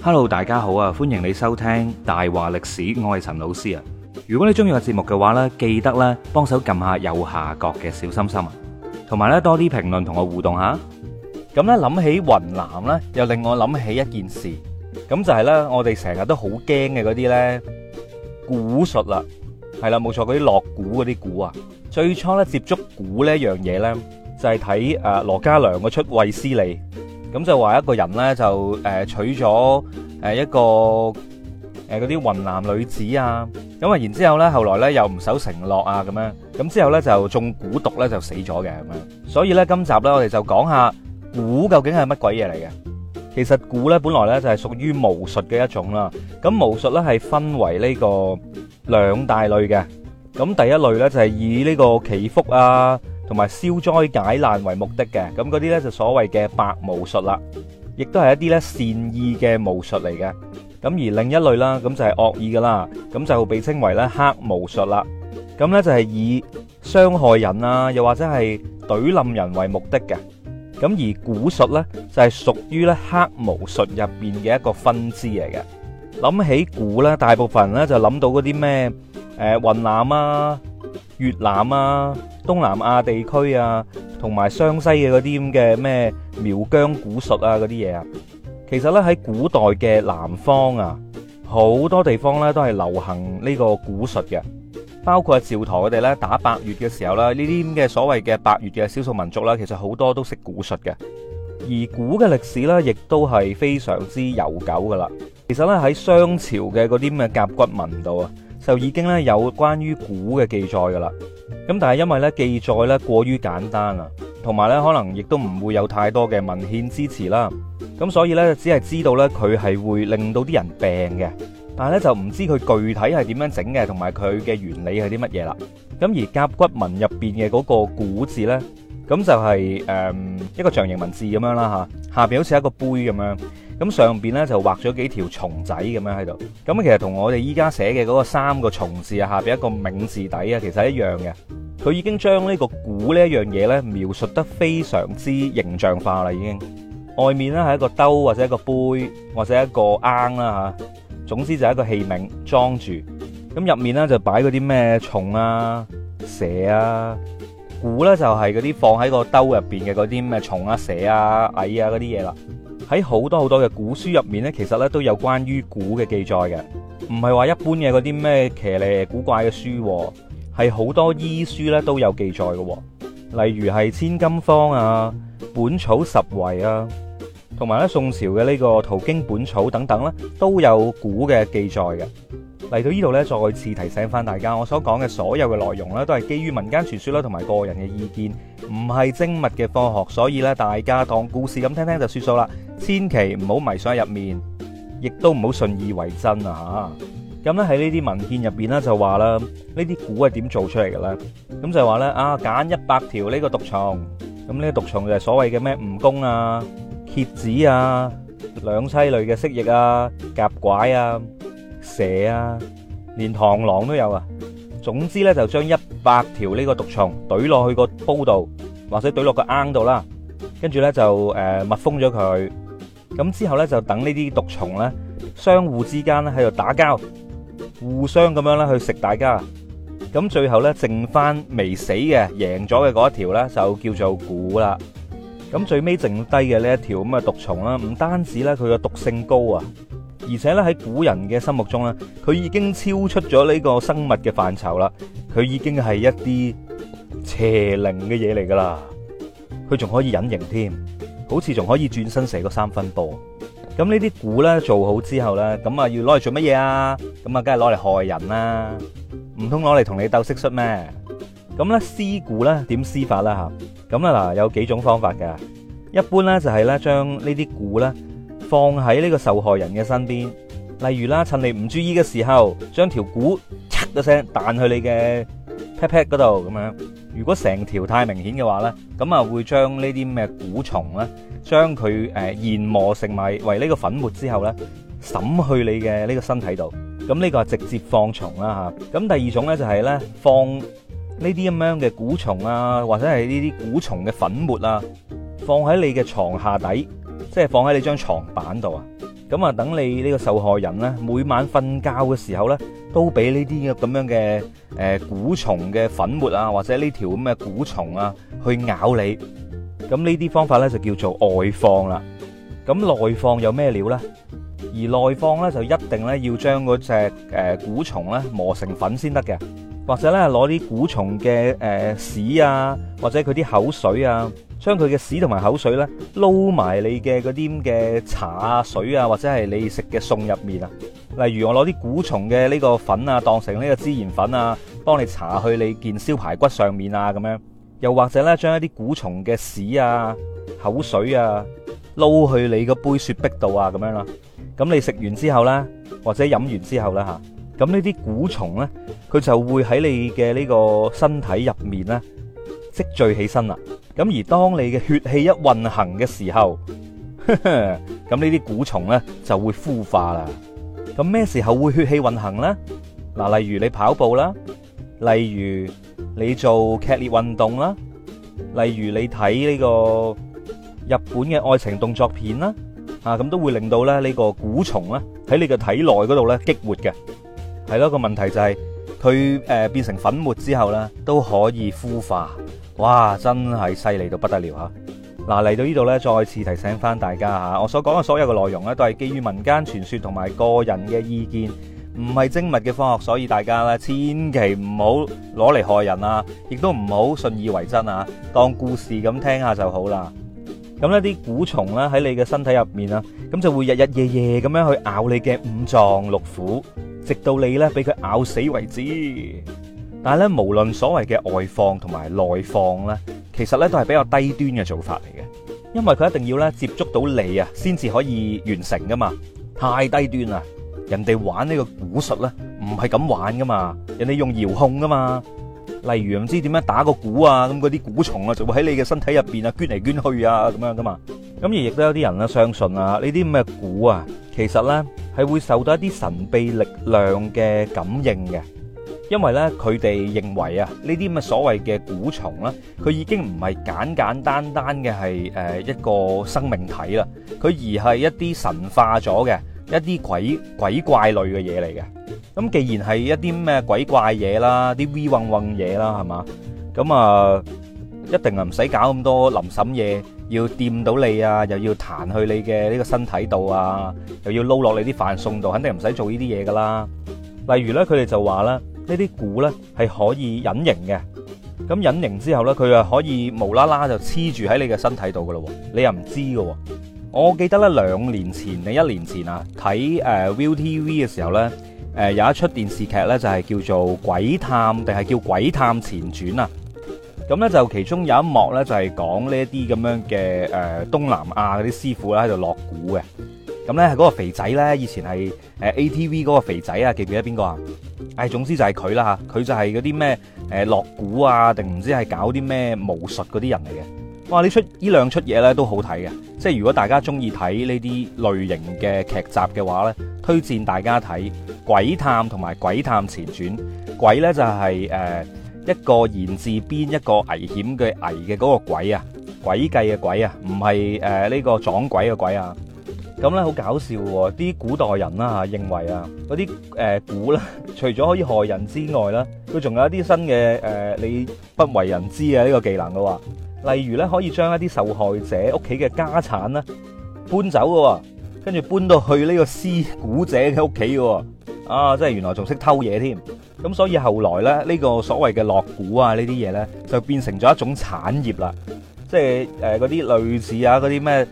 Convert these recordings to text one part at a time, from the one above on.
hello，大家好啊，歡迎你收聽大話歷史，我係陳老師啊。如果你中意個節目嘅話呢，記得咧幫手撳下右下角嘅小心心啊，同埋呢多啲評論同我互動吓。咁呢，諗起雲南呢，又令我諗起一件事，咁就係呢，我哋成日都好驚嘅嗰啲呢，蠱術啦，係啦冇錯，嗰啲落蠱嗰啲蠱啊。最初呢，接觸蠱呢樣嘢呢，就係睇誒羅嘉良嗰齣《衛斯理》。咁就話一個人咧就誒、呃、娶咗誒一個誒嗰啲雲南女子啊，咁啊然之後咧後來咧又唔守承諾啊咁樣，咁之後咧就中蠱毒咧就死咗嘅咁樣，所以咧今集咧我哋就講下蠱究竟係乜鬼嘢嚟嘅？其實蠱咧本來咧就係、是、屬於巫術嘅一種啦，咁巫術咧係分為呢個兩大類嘅，咁第一類咧就係、是、以呢個祈福啊。同埋消災解難為目的嘅，咁嗰啲呢就所謂嘅白巫術啦，亦都係一啲咧善意嘅巫術嚟嘅。咁而另一類啦，咁就係惡意噶啦，咁就被稱為咧黑巫術啦。咁呢就係以傷害人呀，又或者係懟冧人為目的嘅。咁而古術呢，就係、是、屬於咧黑巫術入邊嘅一個分支嚟嘅。諗起古呢，大部分呢就諗到嗰啲咩誒雲南啊、越南啊。東南亞地區啊，同埋湘西嘅嗰啲咁嘅咩苗疆蠱術啊，嗰啲嘢啊，其實咧喺古代嘅南方啊，好多地方咧都係流行呢個蠱術嘅，包括阿趙佗佢哋咧打百越嘅時候啦，呢啲咁嘅所謂嘅百越嘅少數民族啦，其實好多都識蠱術嘅，而蠱嘅歷史咧亦都係非常之悠久噶啦。其實咧喺商朝嘅嗰啲咁嘅甲骨文度啊，就已經咧有關於蠱嘅記載噶啦，咁但係因為咧記載咧過於簡單啦，同埋咧可能亦都唔會有太多嘅文獻支持啦，咁所以咧只係知道咧佢係會令到啲人病嘅，但係咧就唔知佢具體係點樣整嘅，同埋佢嘅原理係啲乜嘢啦。咁而甲骨文入邊嘅嗰個蠱字咧，咁就係誒一個象形文字咁樣啦吓，下邊好似一個杯咁樣。咁上邊咧就畫咗幾條蟲仔咁樣喺度，咁其實同我哋依家寫嘅嗰個三個蟲字啊，下邊一個皿字底啊，其實一樣嘅。佢已經將呢個蠱呢一樣嘢咧描述得非常之形象化啦，已經。外面咧係一個兜或者一個杯或者一個罌啦吓，總之就係一個器皿裝住。咁入面咧就擺嗰啲咩蟲啊、蛇啊，蠱咧就係嗰啲放喺個兜入邊嘅嗰啲咩蟲啊、蛇啊、蟻啊嗰啲嘢啦。喺好多好多嘅古書入面咧，其實咧都有關於蠱嘅記載嘅，唔係話一般嘅嗰啲咩騎呢古怪嘅書，係好多醫書咧都有記載嘅，例如係《千金方》啊，《本草拾遺》啊，同埋咧宋朝嘅呢個《圖經本草》等等咧，都有蠱嘅記載嘅。嚟到呢度呢，再次提醒翻大家，我所講嘅所有嘅內容呢，都係基於民間傳說啦，同埋個人嘅意見，唔係精密嘅科學，所以呢，大家當故事咁聽聽就算數啦。千祈唔好迷信喺入面，亦都唔好信以為真啊！吓，咁咧喺呢啲文獻入邊咧就話啦，呢啲蠱係點做出嚟嘅咧？咁就係話咧啊，揀一百條呢個毒蟲，咁呢個毒蟲就係所謂嘅咩蜈蚣啊、蠍子啊、兩棲類嘅蜥蜴啊、甲拐啊、蛇啊，連螳螂都有啊。總之咧就將一百條呢個毒蟲懟落去個煲度，或者懟落個罌度啦，跟住咧就誒密封咗佢。咁之後咧就等呢啲毒蟲咧相互之間咧喺度打交，互相咁樣咧去食大家，咁最後咧剩翻未死嘅贏咗嘅嗰一條咧就叫做蠱啦。咁最尾剩低嘅呢一條咁嘅毒蟲啦，唔單止咧佢個毒性高啊，而且咧喺古人嘅心目中咧，佢已經超出咗呢個生物嘅範疇啦，佢已經係一啲邪靈嘅嘢嚟噶啦，佢仲可以隱形添。好似仲可以轉身射個三分波，咁呢啲蠱咧做好之後咧，咁啊要攞嚟做乜嘢啊？咁啊梗係攞嚟害人啦，啊，唔通攞嚟同你鬥蟋蟀咩？咁咧施蠱咧點施法啦吓？咁啊嗱有幾種方法噶，一般咧就係咧將呢啲蠱咧放喺呢個受害人嘅身邊，例如啦趁你唔注意嘅時候，將條蠱嚓一聲彈去你嘅 pat pat 嗰度咁樣。如果成條太明顯嘅話咧，咁啊會將呢啲咩蠱蟲咧，將佢誒研磨成埋為呢個粉末之後咧，滲去你嘅呢個身體度。咁呢個係直接放蟲啦嚇。咁第二種咧就係咧放呢啲咁樣嘅蠱蟲啊，或者係呢啲蠱蟲嘅粉末啊，放喺你嘅床下底，即係放喺你張床板度啊。咁啊，等你呢個受害人咧，每晚瞓覺嘅時候咧，都俾呢啲咁樣嘅誒蠱蟲嘅粉末啊，或者呢條咁嘅蠱蟲啊，去咬你。咁呢啲方法咧就叫做外放啦。咁內放有咩料咧？而內放咧就一定咧要將嗰隻誒蠱蟲咧磨成粉先得嘅，或者咧攞啲蠱蟲嘅誒屎啊，或者佢啲口水啊。將佢嘅屎同埋口水咧，撈埋你嘅嗰啲嘅茶水啊，或者係你食嘅餸入面啊。例如我攞啲蠱蟲嘅呢個粉啊，當成呢個孜然粉啊，幫你搽去你件燒排骨上面啊，咁樣又或者咧，將一啲蠱蟲嘅屎啊、口水啊撈去你個杯雪碧度啊，咁樣啦。咁你食完之後咧，或者飲完之後啦嚇，咁呢啲蠱蟲咧，佢就會喺你嘅呢個身體入面咧積聚起身啦。咁而當你嘅血氣一運行嘅時候，咁 呢啲蠱蟲咧就會孵化啦。咁咩時候會血氣運行咧？嗱，例如你跑步啦，例如你做劇烈運動啦，例如你睇呢個日本嘅愛情動作片啦，啊，咁都會令到咧呢個蠱蟲咧喺你嘅體內嗰度咧激活嘅。係咯，個問題就係佢誒變成粉末之後咧都可以孵化。哇，真係犀利到不得了吓啊！嗱，嚟到呢度呢，再次提醒翻大家吓，我所講嘅所有嘅內容呢，都係基於民間傳說同埋個人嘅意見，唔係精密嘅科學，所以大家呢，千祈唔好攞嚟害人啊，亦都唔好信以為真啊，當故事咁聽下就好啦。咁呢啲蠱蟲呢，喺你嘅身體入面啊，咁就會日日夜夜咁樣去咬你嘅五臟六腑，直到你呢，俾佢咬死為止。但係咧，無論所謂嘅外放同埋內放咧，其實咧都係比較低端嘅做法嚟嘅，因為佢一定要咧接觸到你啊，先至可以完成噶嘛。太低端啦，人哋玩呢個蠱術咧，唔係咁玩噶嘛，人哋用遙控噶嘛。例如唔知點樣打個鼓啊，咁嗰啲蠱蟲啊，就會喺你嘅身體入邊啊，捲嚟捲去啊，咁樣噶嘛。咁而亦都有啲人咧相信啊，呢啲咁嘅蠱啊，其實咧係會受到一啲神秘力量嘅感應嘅。因為咧，佢哋認為啊，呢啲咁嘅所謂嘅蠱蟲啦，佢已經唔係簡簡單單嘅係誒一個生命體啦，佢而係一啲神化咗嘅一啲鬼鬼怪類嘅嘢嚟嘅。咁既然係一啲咩鬼怪嘢啦，啲 v 運運嘢啦，係嘛？咁啊，一定啊唔使搞咁多臨審嘢，要掂到你啊，又要彈去你嘅呢個身體度啊，又要撈落你啲飯餸度，肯定唔使做呢啲嘢㗎啦。例如咧，佢哋就話啦。呢啲蠱咧係可以隱形嘅，咁隱形之後咧，佢又可以無啦啦就黐住喺你嘅身體度噶咯，你又唔知噶。我記得咧兩年前定一年前啊，睇誒 ViuTV 嘅時候咧，誒有一出電視劇咧就係叫做《鬼探》定係叫《鬼探前傳》啊，咁咧就其中有一幕咧就係講呢一啲咁樣嘅誒東南亞嗰啲師傅咧喺度落蠱嘅。咁咧係嗰個肥仔咧，以前係誒 ATV 嗰個肥仔啊，記唔記得邊個啊？唉、哎，總之就係佢啦吓，佢就係嗰啲咩誒落蠱啊，定唔知係搞啲咩巫術嗰啲人嚟嘅。哇！呢出呢兩出嘢咧都好睇嘅，即係如果大家中意睇呢啲類型嘅劇集嘅話咧，推薦大家睇《鬼探》同埋《鬼探前傳》。鬼咧就係、是、誒、呃、一個言字邊一個危險嘅危嘅嗰個鬼啊，詭計嘅鬼啊，唔係誒呢個撞鬼嘅鬼啊。咁咧好搞笑喎！啲古代人啦嚇，認為啊嗰啲誒蠱咧，除咗可以害人之外咧，佢仲有一啲新嘅誒、呃，你不為人知嘅呢個技能嘅喎。例如咧，可以將一啲受害者屋企嘅家產咧搬走嘅，跟住搬到去呢個施蠱者嘅屋企嘅啊，即係原來仲識偷嘢添。咁所以後來咧，呢個所謂嘅落蠱啊呢啲嘢咧，就變成咗一種產業啦。即係誒嗰啲類似啊嗰啲咩？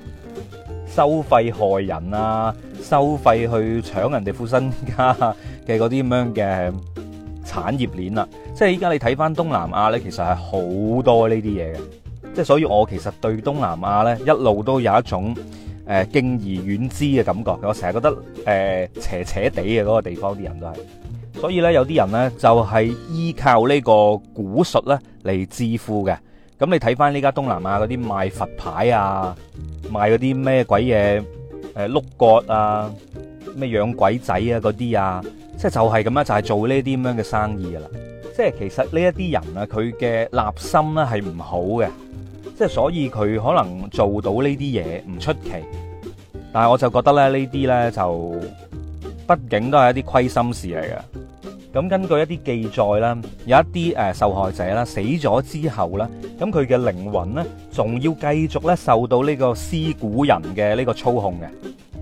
收費害人啊！收費去搶人哋副身家嘅嗰啲咁樣嘅產業鏈啊。即係依家你睇翻東南亞呢，其實係好多呢啲嘢嘅，即係所以我其實對東南亞呢，一路都有一種誒、呃、敬而遠之嘅感覺，我成日覺得誒邪、呃、邪地嘅嗰個地方啲人都係，所以呢，有啲人呢，就係、是、依靠呢個古術呢嚟致富嘅。咁你睇翻呢家東南亞嗰啲賣佛牌啊，賣嗰啲咩鬼嘢誒，碌、呃、角啊，咩養鬼仔啊嗰啲啊，即係就係咁啦，就係、是、做呢啲咁樣嘅生意噶啦。即係其實呢一啲人啊，佢嘅立心咧係唔好嘅，即係所以佢可能做到呢啲嘢唔出奇，但係我就覺得咧呢啲咧就，畢竟都係一啲虧心事嚟嘅。咁根據一啲記載啦，有一啲誒受害者啦死咗之後啦，咁佢嘅靈魂咧仲要繼續咧受到呢個施蠱人嘅呢個操控嘅，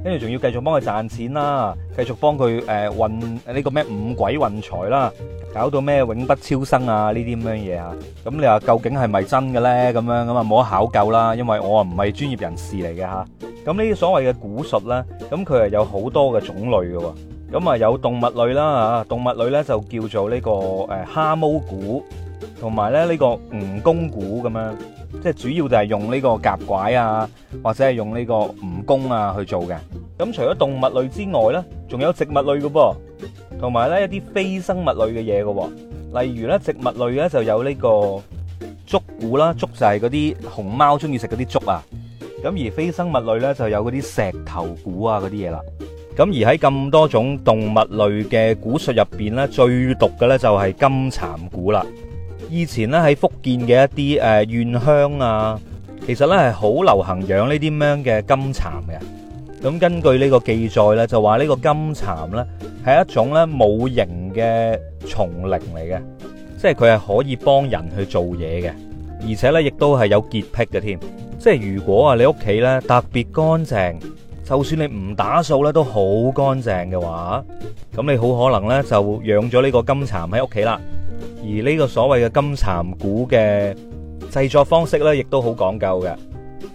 跟住仲要繼續幫佢賺錢啦，繼續幫佢誒運呢個咩五鬼運財啦，搞到咩永不超生啊呢啲咁樣嘢啊！咁你話究竟係咪真嘅咧？咁樣咁啊冇得考究啦，因為我啊唔係專業人士嚟嘅嚇。咁呢啲所謂嘅蠱術咧，咁佢係有好多嘅種類嘅喎。咁啊，有動物類啦吓，動物類咧就叫做呢個誒蝦毛蠱，同埋咧呢個蜈蚣蠱咁樣，即係主要就係用呢個夾拐啊，或者係用呢個蜈蚣啊去做嘅。咁除咗動物類之外咧，仲有植物類嘅噃，同埋咧一啲非生物類嘅嘢嘅，例如咧植物類咧就有呢個竹蠱啦，竹就係嗰啲熊貓中意食嗰啲竹啊。咁而非生物類咧就有嗰啲石頭蠱啊嗰啲嘢啦。咁而喺咁多種動物類嘅古術入邊咧，最毒嘅咧就係金蠶蠱啦。以前咧喺福建嘅一啲誒，縣、呃、鄉啊，其實咧係好流行養呢啲咁樣嘅金蠶嘅。咁根據呢個記載咧，就話呢個金蠶咧係一種咧冇形嘅蟲靈嚟嘅，即係佢係可以幫人去做嘢嘅，而且呢亦都係有潔癖嘅添。即係如果啊，你屋企咧特別乾淨。就算你唔打掃咧，都好乾淨嘅話，咁你好可能呢就養咗呢個金蠶喺屋企啦。而呢個所謂嘅金蠶蠱嘅製作方式呢，亦都好講究嘅。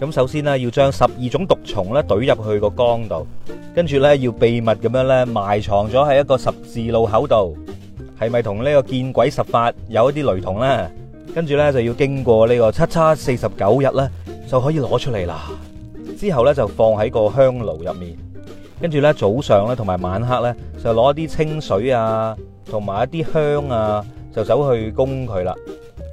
咁首先呢，要將十二種毒蟲呢，懟入去個缸度，跟住呢，要秘密咁樣呢，埋藏咗喺一個十字路口度，係咪同呢個見鬼十八有一啲雷同呢？跟住呢，就要經過呢個七七四十九日呢，就可以攞出嚟啦。之後咧就放喺個香爐入面，跟住咧早上咧同埋晚黑咧就攞一啲清水啊，同埋一啲香啊，就走去供佢啦。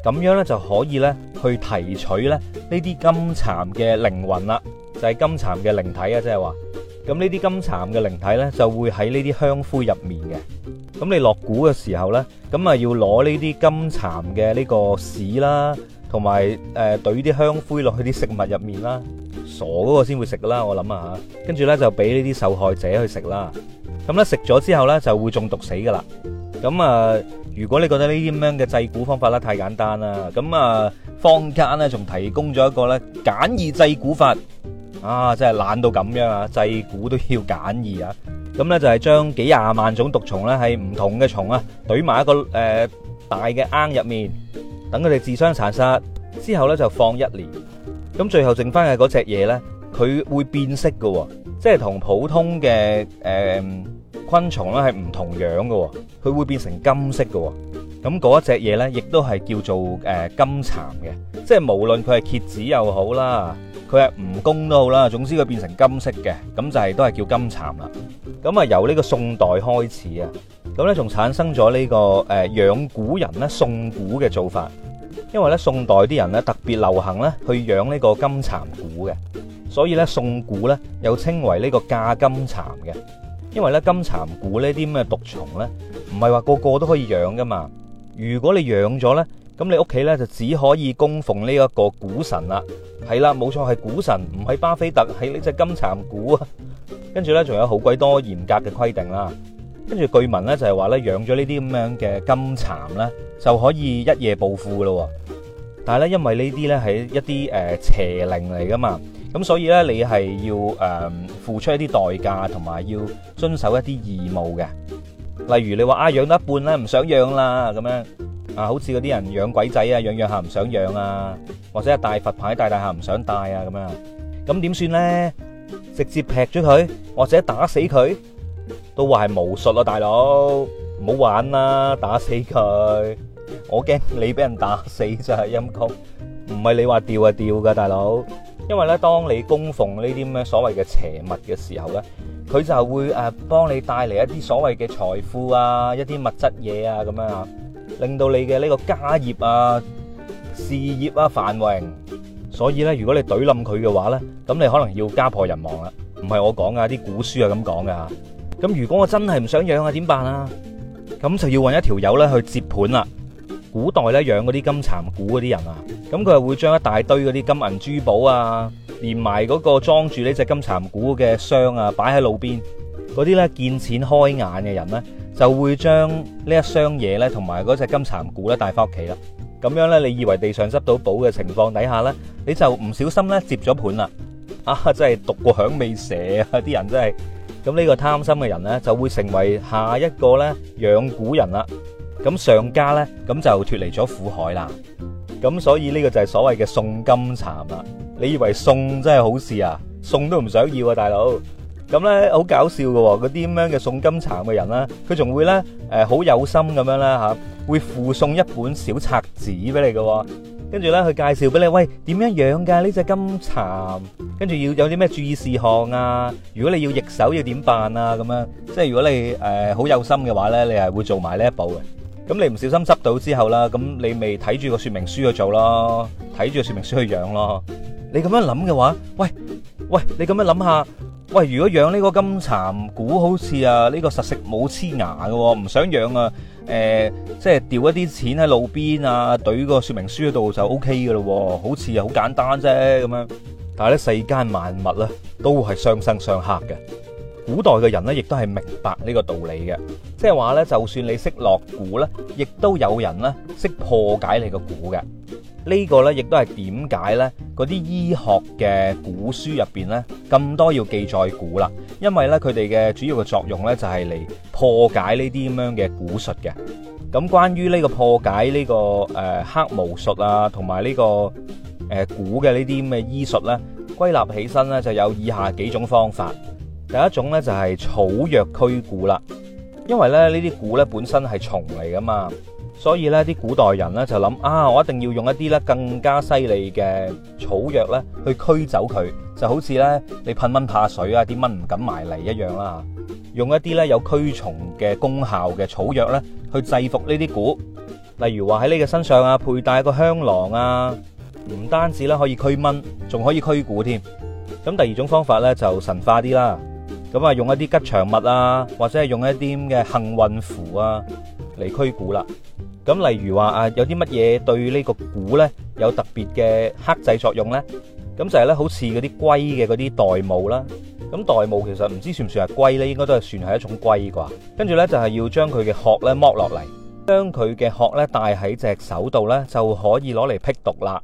咁樣咧就可以咧去提取咧呢啲金蠶嘅靈魂啦，就係金蠶嘅靈體啊，即係話。咁呢啲金蠶嘅靈體咧就會喺呢啲香灰入面嘅。咁你落蠱嘅時候咧，咁啊要攞呢啲金蠶嘅呢個屎啦。同埋誒，懟啲、呃、香灰落去啲食物入面啦，傻嗰個先會食啦，我諗啊嚇。跟住咧就俾呢啲受害者去食啦，咁咧食咗之後咧就會中毒死噶啦。咁、嗯、啊，如果你覺得呢啲咁樣嘅製蠱方法咧太簡單啦，咁、嗯、啊坊間咧仲提供咗一個咧簡易製蠱法，啊真係懶到咁樣啊，製蠱都要簡易啊。咁、嗯、咧就係、是、將幾廿萬種毒蟲咧喺唔同嘅蟲啊，懟埋一個誒、呃、大嘅罌入面。等佢哋自相殘殺之後咧，就放一年，咁最後剩翻嘅嗰隻嘢咧，佢會變色噶，即係同普通嘅誒、呃、昆蟲咧係唔同樣噶，佢會變成金色噶。咁嗰一隻嘢咧，亦都係叫做誒、呃、金蠶嘅，即係無論佢係蠍子又好啦，佢係蜈蚣都好啦，總之佢變成金色嘅，咁就係、是、都係叫金蠶啦。咁啊，由呢個宋代開始啊，咁咧仲產生咗呢、這個誒、呃、養蠱人咧送蠱嘅做法，因為咧宋代啲人咧特別流行咧去養呢個金蠶蠱嘅，所以咧送蠱咧又稱為呢個嫁金蠶嘅，因為咧金蠶蠱呢啲咁嘅毒蟲咧，唔係話個個都可以養噶嘛。如果你養咗呢，咁你屋企呢，就只可以供奉呢一個蠱神啦。係啦，冇錯，係蠱神，唔係巴菲特，係呢隻金蠶蠱。跟住呢，仲有好鬼多嚴格嘅規定啦。跟住據聞呢，就係話呢，養咗呢啲咁樣嘅金蠶呢，就可以一夜暴富咯。但係咧因為呢啲呢係一啲誒邪靈嚟噶嘛，咁所以呢，你係要誒付出一啲代價，同埋要遵守一啲義務嘅。例如你話啊，養得一半啦，唔想養啦咁樣啊，好似嗰啲人養鬼仔啊，養養下唔想養啊，或者係戴佛牌戴戴下唔想戴啊咁樣，咁點算咧？直接劈咗佢，或者打死佢，都話係巫術啊，大佬唔好玩啦！打死佢，我驚你俾人打死就係陰曲，唔係你話掉啊掉噶，大佬。因為咧，當你供奉呢啲咩所謂嘅邪物嘅時候咧，佢就會誒幫你帶嚟一啲所謂嘅財富啊，一啲物質嘢啊咁樣啊，令到你嘅呢個家業啊、事業啊繁榮。所以咧，如果你懟冧佢嘅話咧，咁你可能要家破人亡啦。唔係我講噶，啲古書啊咁講噶。咁如果我真係唔想養啊，點辦啊？咁就要搵一條友咧去接盤啦。古代呢，養嗰啲金蠶蠱嗰啲人，咁佢係會將一大堆嗰啲金銀珠寶啊，連埋嗰個裝住呢隻金蠶蠱嘅箱啊，擺喺路邊，嗰啲呢，見錢開眼嘅人呢，就會將呢一箱嘢呢，同埋嗰隻金蠶蠱呢，帶返屋企啦。咁樣呢，你以為地上執到寶嘅情況底下呢，你就唔小心呢，接咗盤啦。啊，真係毒過響尾蛇呀，啲人真係，咁呢個貪心嘅人呢，就會成為下一個呢，養蠱人啦。咁上家咧，咁就脫離咗苦海啦。咁所以呢個就係所謂嘅送金蠶啦。你以為送真係好事啊？送都唔想要啊，大佬。咁咧好搞笑噶、哦，嗰啲咁樣嘅送金蠶嘅人啦，佢仲會咧誒好有心咁樣咧吓，會附送一本小冊子俾你嘅、哦。跟住咧，佢介紹俾你，喂，點樣養噶呢隻金蠶？跟住要有啲咩注意事項啊？如果你要逆手要點辦啊？咁樣即係如果你誒好、呃、有心嘅話咧，你係會做埋呢一步嘅。咁你唔小心執到之後啦，咁你未睇住個說明書去做咯，睇住個說明書去養咯。你咁樣諗嘅話，喂喂，你咁樣諗下，喂，如果養呢個金蠶蠱好似啊呢、呢個實食冇黐牙嘅，唔想養、呃、啊，誒，即係掉一啲錢喺路邊啊，懟個說明書度就 O K 噶咯，好似又好簡單啫咁樣。但係咧，世間萬物咧都係相生相克嘅。古代嘅人咧，亦都係明白呢個道理嘅，即係話咧，就算你識落蠱咧，亦都有人咧識破解你個、這個蠱嘅。呢個咧，亦都係點解咧嗰啲醫學嘅古書入邊咧咁多要記載蠱啦，因為咧佢哋嘅主要嘅作用咧就係嚟破解呢啲咁樣嘅蠱術嘅。咁關於呢個破解呢、這個誒、呃、黑巫術啊，同埋呢個誒蠱嘅呢啲咁嘅醫術咧，歸納起身咧就有以下幾種方法。第一種咧就係草藥驅蠱啦，因為咧呢啲蠱咧本身係蟲嚟噶嘛，所以咧啲古代人咧就諗啊，我一定要用一啲咧更加犀利嘅草藥咧去驅走佢，就好似咧你噴蚊怕水啊，啲蚊唔敢埋嚟一樣啦，用一啲咧有驅蟲嘅功效嘅草藥咧去制服呢啲蠱，例如話喺你嘅身上啊佩戴個香囊啊，唔單止咧可以驅蚊，仲可以驅蠱添。咁第二種方法咧就神化啲啦。咁啊，用一啲吉祥物啊，或者係用一啲嘅幸運符啊嚟驅蠱啦。咁例如話啊，有啲乜嘢對呢個蠱咧有特別嘅剋制作用咧？咁就係咧，好似嗰啲龜嘅嗰啲玳瑁啦。咁玳瑁其實唔知算唔算係龜咧，應該都係算係一種龜啩。跟住咧就係要將佢嘅殼咧剝落嚟，將佢嘅殼咧戴喺隻手度咧，就可以攞嚟辟毒啦。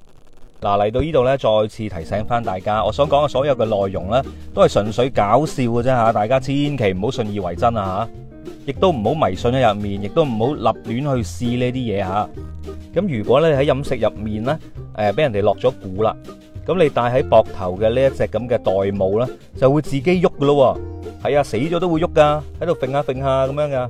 嗱，嚟到呢度咧，再次提醒翻大家，我想講嘅所有嘅內容咧，都係純粹搞笑嘅啫吓，大家千祈唔好信以為真啊吓，亦都唔好迷信喺入面，亦都唔好立亂去試呢啲嘢吓。咁如果咧喺飲食入面咧，誒，俾人哋落咗蠱啦，咁你戴喺膊頭嘅呢一隻咁嘅袋帽咧，就會自己喐噶咯喎。係啊，死咗都會喐噶，喺度揈下揈下咁樣噶。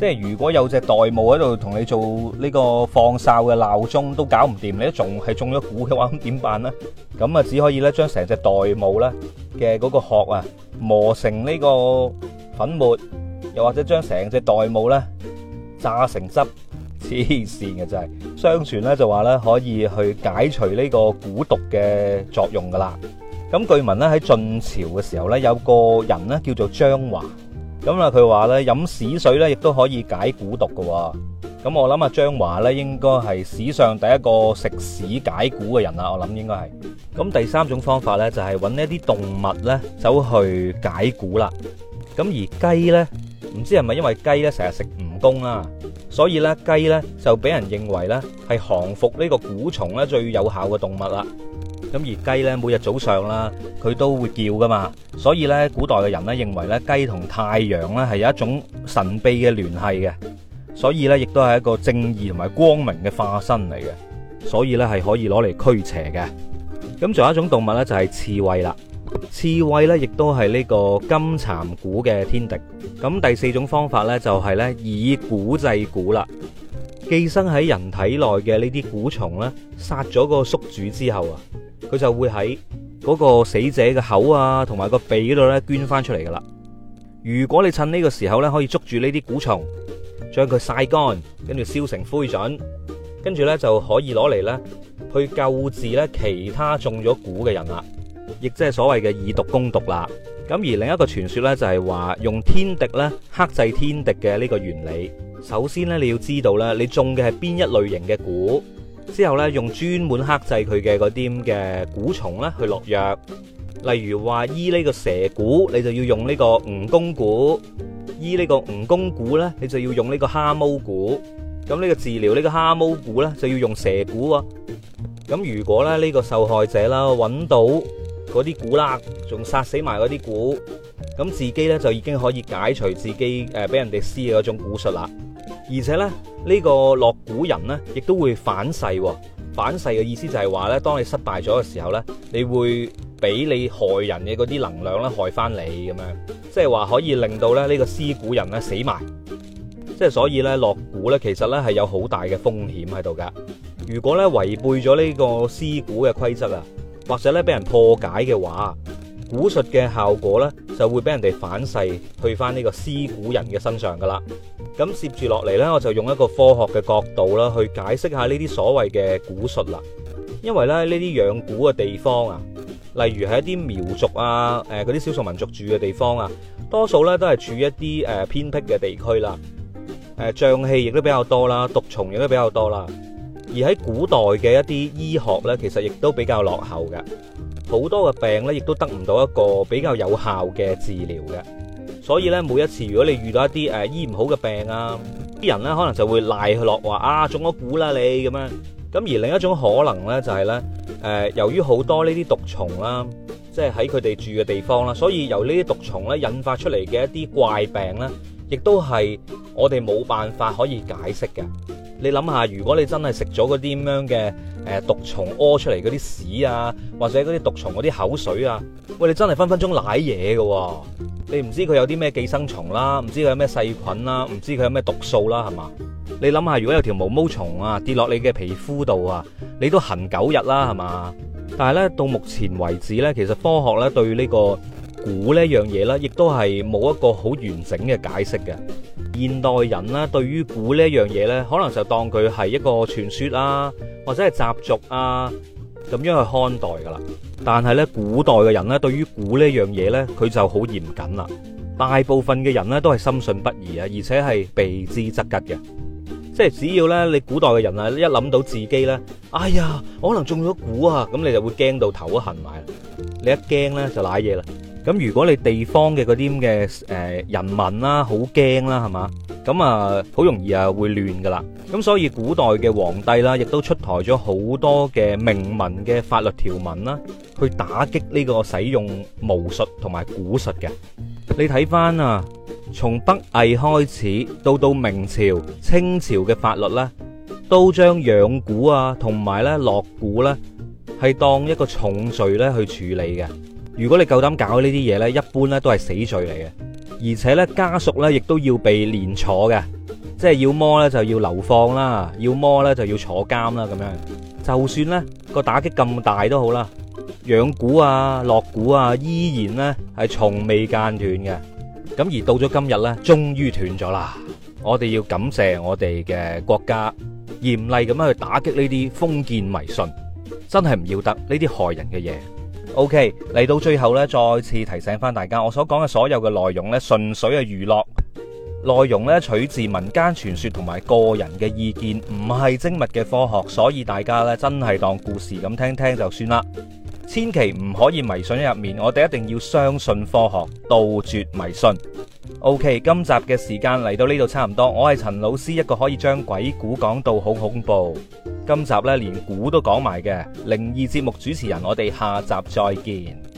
即係如果有隻玳瑁喺度同你做呢個放哨嘅鬧鐘都搞唔掂，你都仲係中咗蠱嘅話，咁點辦咧？咁啊只可以咧將成隻玳瑁咧嘅嗰個殼啊磨成呢個粉末，又或者將成隻玳瑁咧榨成汁，黐線嘅真係。相傳咧就話咧可以去解除呢個蠱毒嘅作用噶啦。咁據聞咧喺晉朝嘅時候咧有個人咧叫做張華。咁啊，佢話咧飲屎水咧，亦都可以解蠱毒㗎。咁我諗阿張華咧，應該係史上第一個食屎解蠱嘅人啦。我諗應該係。咁第三種方法咧，就係搵一啲動物咧，走去解蠱啦。咁而雞咧，唔知係咪因為雞咧成日食蜈蚣啊，所以咧雞咧就俾人認為咧係降服呢個蠱蟲咧最有效嘅動物啦。咁而雞呢，每日早上啦，佢都會叫㗎嘛，所以呢，古代嘅人呢，認為呢，雞同太陽呢係有一種神秘嘅聯繫嘅，所以呢，亦都係一個正義同埋光明嘅化身嚟嘅，所以呢，係可以攞嚟驅邪嘅。咁仲有一種動物呢，就係刺猬啦，刺猬呢，亦都係呢個金蠶蠱嘅天敵。咁第四種方法呢，就係呢，以蠱制蠱啦。寄生喺人體內嘅呢啲蠱蟲呢，殺咗個宿主之後啊，佢就會喺嗰個死者嘅口啊，同埋個鼻嗰度呢捐，翻出嚟噶啦。如果你趁呢個時候呢，可以捉住呢啲蠱蟲，將佢曬乾，跟住燒成灰燼，跟住呢就可以攞嚟呢去救治呢其他中咗蠱嘅人啦。亦即係所謂嘅以毒攻毒啦。咁而另一個傳說呢，就係話用天敵呢克制天敵嘅呢個原理。首先咧，你要知道咧，你中嘅係邊一類型嘅蠱，之後咧用專門克制佢嘅嗰啲嘅蠱蟲咧去落藥。例如話醫呢個蛇蠱，你就要用呢個蜈蚣蠱；醫呢個蜈蚣蠱咧，你就要用呢個蝦毛蠱。咁呢個治療呢個蝦毛蠱咧，就要用蛇蠱喎。咁如果咧呢個受害者啦揾到嗰啲蠱啦，仲殺死埋嗰啲蠱，咁自己咧就已經可以解除自己誒俾人哋施嘅嗰種蠱術啦。而且咧，呢、這個落蠱人呢亦都會反噬。反噬嘅意思就係話呢，當你失敗咗嘅時候呢，你會俾你害人嘅嗰啲能量呢害翻你咁樣，即係話可以令到咧呢個施蠱人呢死埋。即係所以呢，落蠱呢其實呢係有好大嘅風險喺度噶。如果呢違背咗呢個施蠱嘅規則啊，或者呢俾人破解嘅話。古術嘅效果呢，就會俾人哋反噬去翻呢個施蠱人嘅身上噶啦。咁攝住落嚟呢，我就用一個科學嘅角度啦，去解釋下呢啲所謂嘅古術啦。因為咧呢啲養蠱嘅地方啊，例如係一啲苗族啊，誒嗰啲少數民族住嘅地方啊，多數呢都係處於一啲誒偏僻嘅地區啦。誒瘴氣亦都比較多啦，毒蟲亦都比較多啦。而喺古代嘅一啲醫學呢，其實亦都比較落後嘅。好多嘅病咧，亦都得唔到一個比較有效嘅治療嘅，所以咧每一次如果你遇到一啲誒醫唔好嘅病啊，啲人咧可能就會賴佢落話啊中咗蠱啦你咁樣，咁而另一種可能咧就係咧誒，由於好多呢啲毒蟲啦，即係喺佢哋住嘅地方啦，所以由呢啲毒蟲咧引發出嚟嘅一啲怪病咧，亦都係我哋冇辦法可以解釋嘅。你諗下，如果你真係食咗嗰啲咁樣嘅，誒，毒蟲屙出嚟嗰啲屎啊，或者嗰啲毒蟲嗰啲口水啊，喂，你真係分分鐘瀨嘢嘅，你唔知佢有啲咩寄生蟲啦，啊，唔知佢有咩細菌啦，啊，唔知佢有咩毒素啦，啊，係嘛？你諗下，如果有條毛毛蟲啊跌落你嘅皮膚度啊，你都痕九日啦，啊，係嘛？但係呢，到目前為止呢，其實科學呢對呢、這個。蠱呢樣嘢呢，亦都係冇一個好完整嘅解釋嘅。現代人呢，對於蠱呢一樣嘢呢，可能就當佢係一個傳說啊，或者係習俗啊，咁樣去看待噶啦。但係呢，古代嘅人呢，對於蠱呢一樣嘢呢，佢就好嚴謹啦。大部分嘅人呢，都係深信不疑啊，而且係避之則吉嘅。即係只要呢，你古代嘅人啊，一諗到自己呢，哎呀，我可能中咗蠱啊，咁你就會驚到頭都痕埋。你一驚呢，就瀨嘢啦。咁如果你地方嘅嗰啲咁嘅誒人民啦，好驚啦，係嘛？咁啊，好容易啊會亂噶啦。咁所以古代嘅皇帝啦，亦都出台咗好多嘅明文嘅法律條文啦，去打擊呢個使用巫術同埋蠱術嘅。你睇翻啊，從北魏開始到到明朝、清朝嘅法律咧，都將養蠱啊同埋咧落蠱咧，係當一個重罪咧去處理嘅。如果你夠膽搞呢啲嘢呢，一般呢都係死罪嚟嘅，而且呢家屬呢亦都要被連坐嘅，即係要麼呢就要流放啦，要麼呢就要坐監啦咁樣。就算呢個打擊咁大都好啦，養蠱啊、落蠱啊，依然呢係從未間斷嘅。咁而到咗今日呢，終於斷咗啦。我哋要感謝我哋嘅國家嚴厲咁樣去打擊呢啲封建迷信，真係唔要得呢啲害人嘅嘢。O K，嚟到最後呢，再次提醒翻大家，我所講嘅所有嘅內容呢，純粹嘅娛樂內容呢，取自民間傳說同埋個人嘅意見，唔係精密嘅科學，所以大家呢，真係當故事咁聽聽就算啦，千祈唔可以迷信入面，我哋一定要相信科學，杜絕迷信。O K，今集嘅時間嚟到呢度差唔多，我係陳老師，一個可以將鬼故講到好恐怖，今集咧連古都講埋嘅靈異節目主持人，我哋下集再見。